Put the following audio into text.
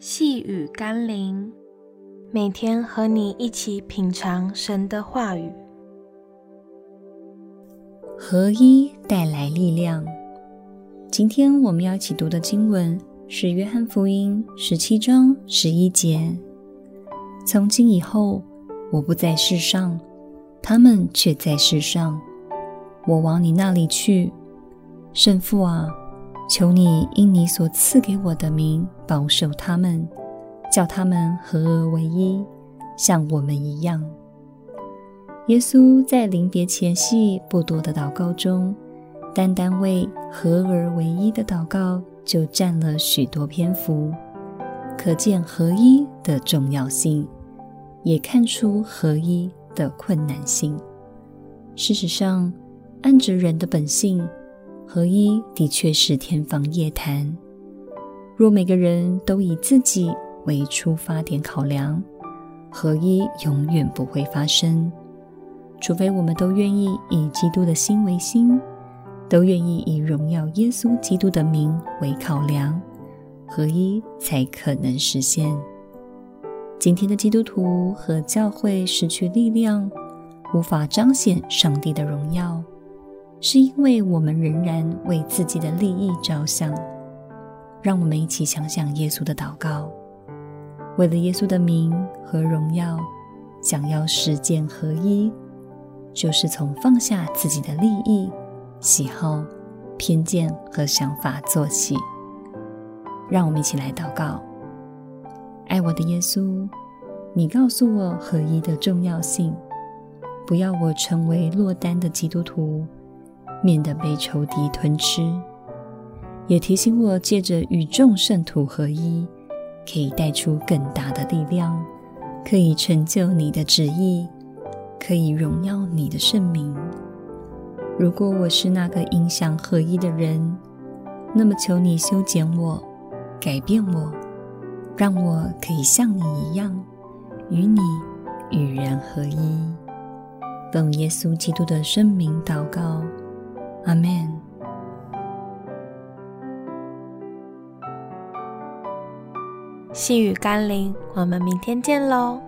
細語甘霖，每天和你一起品嘗神的話語，合一帶來力量。今天我們要一起讀的經文是《約翰福音》十七章十一節：“從今以後，我不在世上，他們卻在世上；我往你那裡去，聖父啊。”求你因你所賜給我的名保守他們，叫他們合而為一，像我們一樣。耶穌在臨別前夕不多的禱告中，單單為合而為一的禱告就佔了許多篇幅，可見合一的重要性，也看出合一的困難性。事實上，按着人的本性，合一的確是天方夜譚。若每個人都以自己為出發點考量，合一永遠不會發生。除非我們都願意以基督的心為心，都願意以榮耀耶穌基督的名為考量，合一才可能實現。今天的基督徒和教會失去力量，無法彰顯上帝的榮耀。是因為我們仍然為自己的利益着想。讓我們一起想想耶穌的禱告：為了耶穌的名和榮耀，想要實踐合一，就是從放下自己的利益、喜好、偏見和想法做起。讓我們一起來禱告：愛我的耶穌，你告訴我合一的重要性，不要我成為落單的基督徒。免得被仇敵吞吃，也提醒我借着與眾聖徒合一，可以帶出更大的力量，可以成就你的旨意，可以榮耀你的聖名。如果我是那個影響合一的人，那麼求你修剪我，改變我，讓我可以像你一樣，與你與人合一。奉耶穌基督的聖名禱告。Amen。細語甘霖，我們明天見嘍。